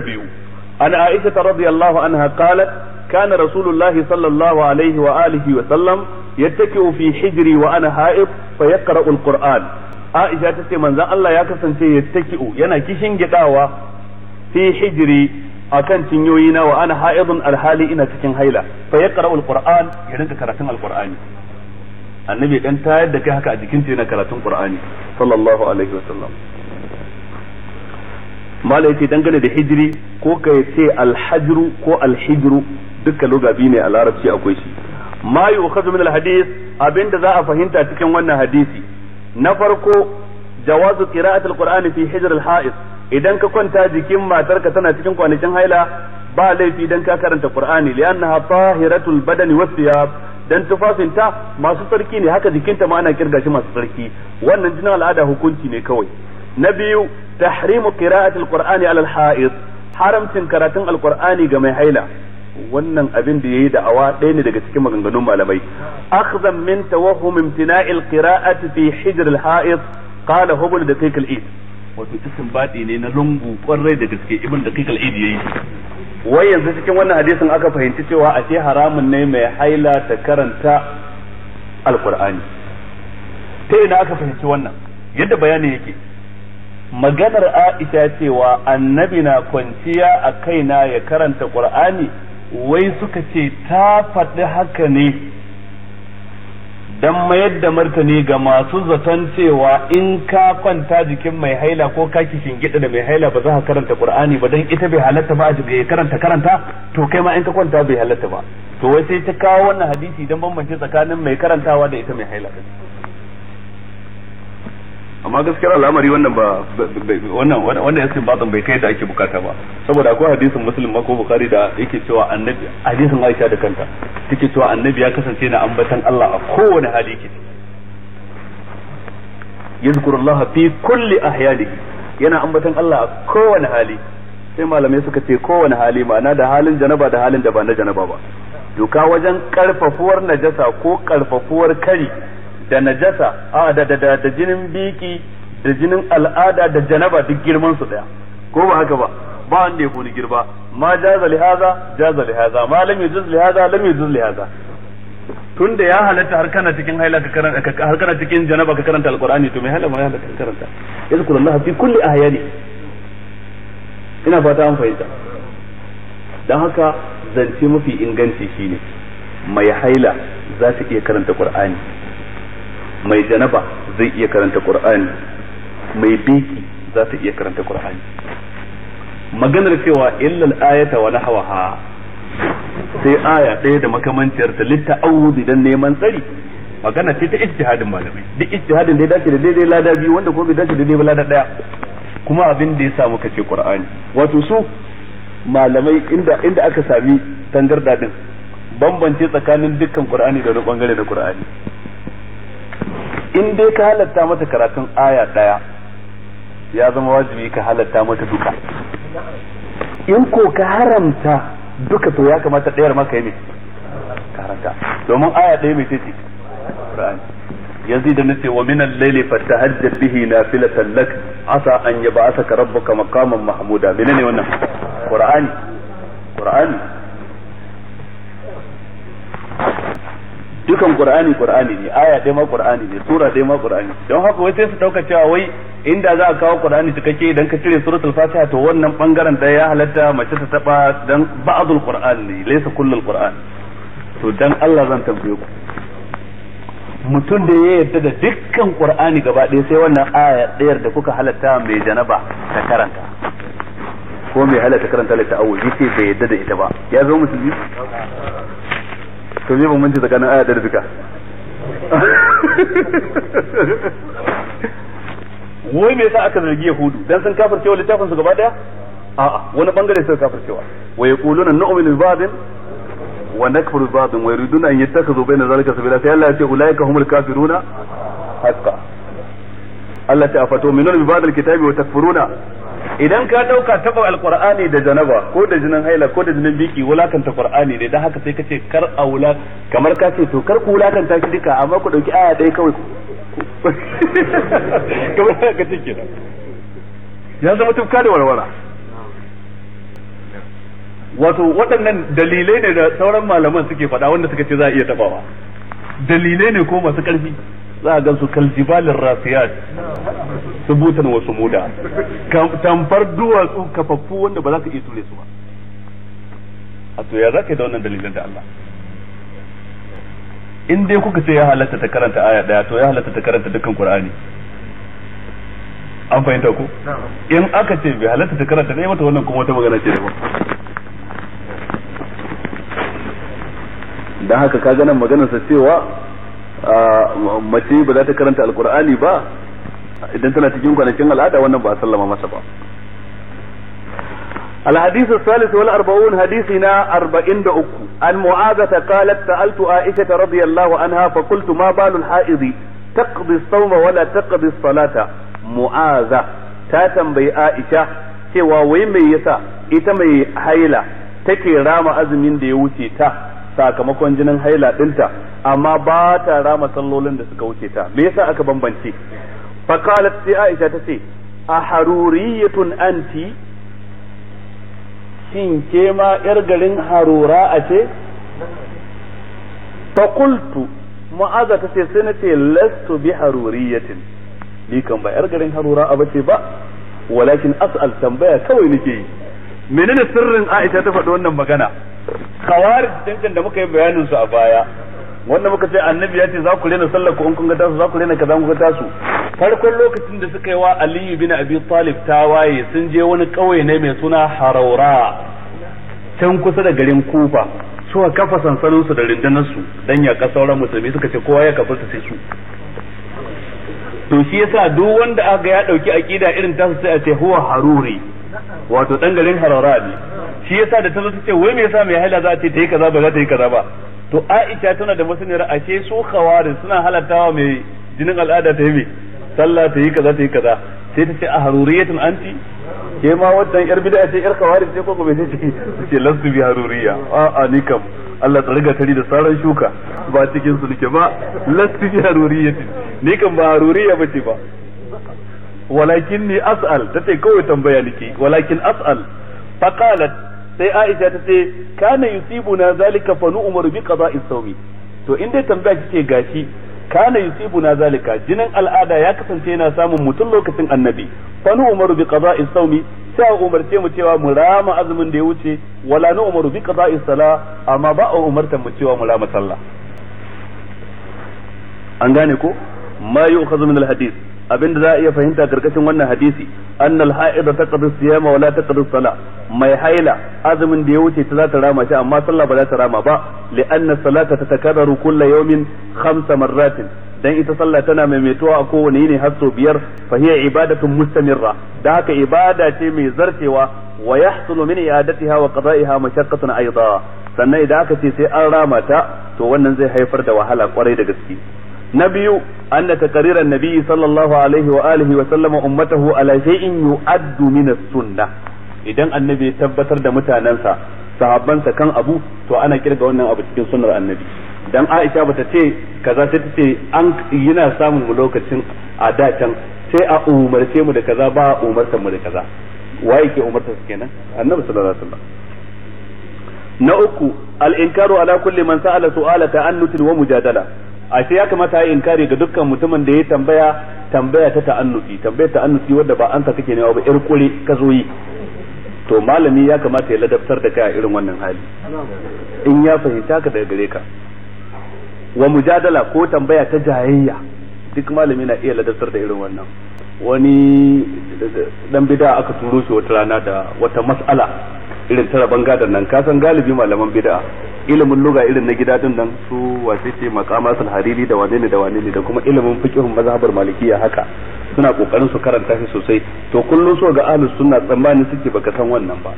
biyu an aisha radiyallahu anha qalat kana rasulullahi sallallahu alaihi wa alihi wa sallam yattaki'u fi hijri wa ana ha'id fa yaqra'u alquran aisha ta tace manzon Allah ya kasance yattaki'u yana kishin gidawa fi hijri akan cinyoyina wa ana ha'idun alhali ina cikin haila fa yaqra'u alquran ya rinka karatun alqurani annabi dan tayar da kai haka a jikin yana karatun qur'ani sallallahu alaihi wa sallam mala dangane da hijiri ko ka ce alhajru ko alhijru duka lugabi ne a larabci akwai shi ma yu'khadhu min alhadis abinda za a fahimta cikin wannan hadisi na farko jawazu qira'ati alqur'ani fi hijr alha'is idan ka kwanta jikin matarka tana cikin kwanakin haila ba laifi dan ka karanta qur'ani li'annaha tahiratul badani was ya dan tufafinta masu tsarki ne haka jikinta ma ana kirga shi masu tsarki wannan jinin al'ada hukunci ne kawai na biyu tahrimu qira'ati alqur'ani ala alha'id haramcin karatun alqur'ani ga mai haila wannan abin da yayi da'awa ɗaya ne daga cikin maganganun malamai akhzan min tawahhum imtina'i alqira'ati fi hijr alha'id qala hubul da al-id wato cikin baɗi ne na lungu kwarai da gaske ibn daqiq al-id yayi wai yanzu cikin wannan hadisin aka fahimci cewa a ce haramun ne mai haila ta karanta alqur'ani ta ina aka fahimci wannan yadda bayani yake maganar Aisha cewa annabi na kwanciya a kaina ya karanta Qur'ani wai suka ce ta faɗi haka ne dan mayar da martani ga masu zaton cewa in ka kwanta jikin mai haila ko ka ki shingida da mai haila ba za ka karanta Qur'ani ba dan ita bai halatta ba ya karanta karanta to kai ma in ka kwanta bai halatta ba to wai sai ta kawo wannan hadisi dan bambance tsakanin mai karantawa da ita mai haila amma gaskiyar al'amari wannan ba wannan wannan ba batsan bai kai da ake bukata ba saboda akwai hadisin muslim ma ko bukhari da yake cewa annabi hadisin aisha da kanta take cewa annabi ya kasance na ambatan Allah a kowane hali yake yadhkuru Allah fi kulli ahyanihi yana ambatan Allah a kowane hali sai malamai suka ce kowane hali ma'ana da halin janaba da halin da ba na janaba ba doka wajen karfafuwar najasa ko karfafuwar kari da najasa a da da da jinin biki da jinin al'ada da janaba duk girman su daya ko ba haka ba ba wanda ya koni girba ma jaza li haza jaza li haza ma lam yujuz li haza lam yujuz li haza tunda ya halatta har kana cikin haila ka karanta har kana cikin janaba ka karanta alqur'ani to me haila ma ya karanta yazkurullaha fi kulli ayati ina fata an fahimta dan haka zance mafi inganci shine mai haila za ta iya karanta qur'ani mai janaba zai iya karanta qur'ani mai biki za ta iya karanta qur'ani maganar cewa illal ayata wa nahwaha sai aya ɗaya da makamanciyar ta litta'awudi dan neman tsari magana ce ta ijtihadin malamai duk ijtihadin da ya dace da daidai lada biyu wanda kuma bai dace da daidai lada daya kuma abin da ya sa muka ce qur'ani wato su malamai inda inda aka sami tangarda din bambance tsakanin dukkan qur'ani da wani bangare na qur'ani in dai ka halatta mata karatun aya ɗaya ya zama wajibi ka halatta mata duka in ko ka haramta duka to ya kamata ɗayar maka yi karanta domin aya ɗaya mai titi yanzu da nace wa minal layli fatahajjat bihi nafilatan lak asa an yab'athaka rabbuka maqaman mahmuda menene wannan qur'ani qur'ani dukan qur'ani qur'ani ne aya dai ma qur'ani ne sura dai ma qur'ani don haka wai sai su dauka cewa wai inda za a kawo qur'ani ke idan ka cire suratul fatiha to wannan bangaren da ya halatta mace ta taba dan ba'dul qur'an ne laysa kullul qur'an to dan Allah zan tambaye ku mutum da ya yarda da dukkan qur'ani gaba ɗaya sai wannan aya ɗayar da kuka halatta mai janaba ta karanta ko mai halatta karanta litta'awul yace bai yarda da ita ba ya zo musulmi to me bambanci tsakanin aya da duka wai me yasa aka zargi yahudu dan sun kafirce wa littafin su gaba daya a'a wani bangare suka kafircewa wa yaquluna nu'minu bi ba'din wa nakfuru bi ba'din wa yuriduna an yattakhidhu bayna zalika sabila sai Allah ya ce ulaika humul kafiruna haqqan Allah ta afato minun bi ba'dil kitabi wa takfuruna idan ka dauka taba alqur'ani da janaba ko da jinin haila ko da jinin biki wulakanta qur'ani ne dan haka sai kace kar a wula kamar ka ce to kar ku wulakanta shi duka amma ku dauki aya ɗaya kawai kamar ka ce kenan ya zama tufka da warwara wato waɗannan dalilai ne da sauran malaman suke faɗa wanda suka ce za a iya tabawa dalilai ne ko masu ƙarfi za a gan su kaljibalin rasiyat subutan wa sumuda tamfar duwatsu kafaffu wanda ba za ka iya ture su ba a to ya za ka yi da wannan dalilin da Allah in dai kuka ce ya halatta ta karanta aya daya to ya halatta ta karanta dukkan qur'ani an fahimta ku in aka ce bai halatta ta karanta dai mata wannan kuma wata magana ce daban dan haka ka ganin maganar sa cewa ah, mace ba za ta karanta alqur'ani ba idan tana cikin kwanakin al'ada wannan ba a sallama masa ba الحديث الثالث والأربعون حديثنا أربعين أكو عن معاذة قالت سألت عائشة رضي الله عنها فقلت ما بال الحائض تقضي الصوم ولا تقضي الصلاة معاذة تاتم بي عائشة cewa wai mai yasa ita mai haila take rama azumin da ya wuce ta sakamakon jinin haila dinta amma ba ta rama sallolin da suka wuce ta me yasa aka bambance fa qalat sai Aisha tace a haruriyatun anti shin ke ma yar garin harura a ce fa qultu mu'aza tace sai na nace lastu bi haruriyatin ni kan ba yar garin harura a bace ba walakin as'al tambaya kawai nake yi menene sirrin Aisha ta faɗi wannan magana khawarij dinkin da muka yi bayanin su a baya wanda muka ce annabi ya ce za ku rena sallar ku in kun ga tasu za ku rena kaza kun ga tasu farkon lokacin da suka yi wa aliyu bin abi talib tawaye sun je wani kauye ne mai suna haraura can kusa da garin kufa suka kafa sansanin su da rindunan su dan ya ka sauran musulmi suka ce kowa ya kafarta sai su to shi yasa duk wanda aka ya dauki akida irin tasu sai a ce huwa haruri wato dan garin haraura ne shi yasa da ta zo ta ce wai me yasa mai haila za ta yi kaza ba za ta yi kaza ba to Aisha tana da masaniyar ashe su khawarij suna halattawa mai jinin al'ada ta yi mai sallah ta yi kaza ta yi kaza sai ta ce a ah, haruriyatun anti ke ma wannan yar bid'a ce yar khawarij sai kuma bai ce ce lasu bi haruriya a a ni kam Allah ta riga tari da saran shuka ba cikin su nake ba lasu bi haruriyatin ni kam ba haruriya bace ba walakin ni as'al tace kawai tambaya nake walakin as'al faqalat sai Aisha ta ce kana yusibuna zalika fa nu'maru bi qada'i sawmi to in dai tambaya kike gashi kana yusibuna zalika jinin al'ada ya kasance yana samun mutum lokacin annabi fa nu'maru bi qada'i sawmi sai umarce mu cewa mu rama azumin da ya wuce wala nu'maru bi qada'i sala amma ba a umartan mu cewa mu rama sallah an gane ko ma yu'khadhu min al-hadith abinda za a iya fahimta karkashin wannan hadisi annal ha'ida taqdi siyama wala taqdi salah mai haila azumin da ya wuce ta za ta rama shi amma sallah ba za ta rama ba li'anna salata tatakarraru kullu yawmin khamsa marratin dan ita sallah tana maimaituwa a kowane yini har sau biyar fa hiya ibadatun mustamirra da haka ibada ce mai zarcewa wa yahsulu min i'adatiha wa qada'iha mashaqqatun aidan sannan idan aka ce sai an rama ta to wannan zai haifar da wahala kwarai da gaske na biyu anna taqrir an-nabi sallallahu alaihi wa alihi wa sallama ummatahu ala shay'in yu'addu min as-sunnah idan annabi ya tabbatar da mutanensa sahabbansa kan abu to ana kirga wannan abu cikin sunnar annabi dan Aisha bata ce kaza sai ta ce an yana samun mu lokacin a da can sai a umarce mu da kaza ba a umartar mu da kaza waye ke umartar su kenan annabi sallallahu alaihi wasallam na uku al-inkaru ala kulli man sa'ala su'ala ta'annutin wa mujadala sai ya kamata ya inkari ga dukkan mutumin da ya tambaya tambaya ta ta'annuti tambayar ta'annuti wadda ba ta kake ne ba yar kure ka zo yi to malami ya kamata ya ladabtar da kai a irin wannan hali in ya fahimta ka daga gare ka wa mujadala ko tambaya ta jayayya duk malami na iya ladabtar da irin wannan wani dan bid'a aka turo shi wata rana da wata mas'ala irin ta raban nan ka san galibi malaman bid'a ilimin luga irin na gida din nan su wace ce maqamatul hariri da wane ne da wane ne da kuma ilimin fiqhun mazhabar malikiya haka suna kokarin su karanta shi sosai to kullum so ga ahlus sunna tsammanin suke baka san wannan ba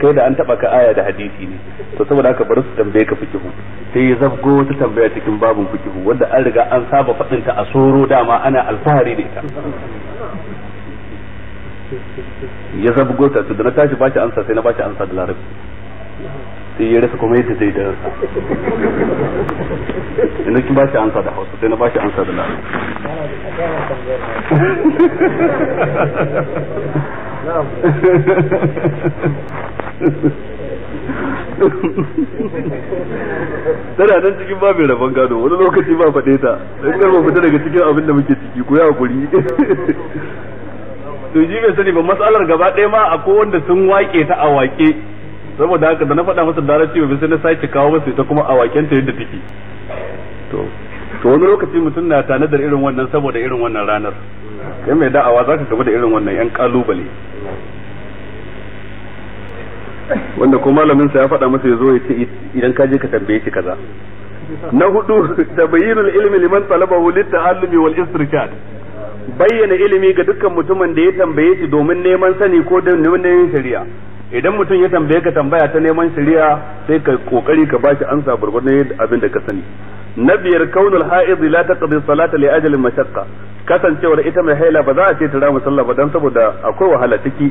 kai da an taba ka aya da hadisi ne to saboda haka bari su tambaye ka fikihu sai ya zabgo wata tambaya cikin babun fikihu wanda an riga an saba faɗin ta a soro dama ana alfahari da ita ya zabgo ta to da na tashi ba bashi ansa sai na ba bashi ansa da larabci sai ya rasa kuma yadda zai da rasa ina kin bashi ansa da hausa sai na bashi ansa da larabci tana nan cikin babu rabon gado wani lokaci ba faɗe ta in ba fita daga cikin abin da muke ciki ko ya guri to ji mai sani ba matsalar gaba ɗaya ma a wanda sun wake ta a wake saboda haka da na faɗa masa larabci bai sai na sake kawo masa ita kuma awaken ta yadda take to to wani lokaci mutum na da irin wannan saboda irin wannan ranar kai mai da'awa ka gaba da irin wannan yan kalubale wanda ko malamin sa ya faɗa masa ya zo ya ce idan ka je ka tambaye shi kaza na hudu tabayyinul ilmi liman talabahu litta'allumi wal istirshad bayyana ilimi ga dukkan mutumin da ya tambaye shi domin neman sani ko don neman shari'a idan mutum ya tambaye ka tambaya ta neman shari'a sai ka kokari ka bashi ansa gurgurdan abin da ka sani na biyar kaunul ha'id la taqdi salata li ajalin mashaqqa kasancewar ita mai haila ba za a ce ta rama sallah ba dan saboda akwai wahala ciki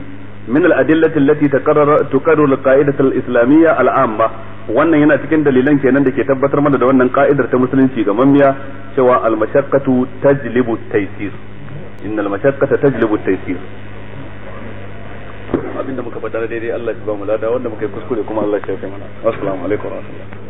min al-adillati allati taqarrar tuqarrir al-qa'idah al-islamiyya al-amma wannan yana cikin dalilan kenan da ke tabbatar mana da wannan ka'idar ta musulunci ga mamiya cewa al-mashaqqatu tajlibu taysir innal mashaqqata tajlibu taysir abinda muka faɗa daidai Allah ya ba mu lada wanda muka yi kuskure kuma Allah ya shafe mana assalamu alaikum wa rahmatullahi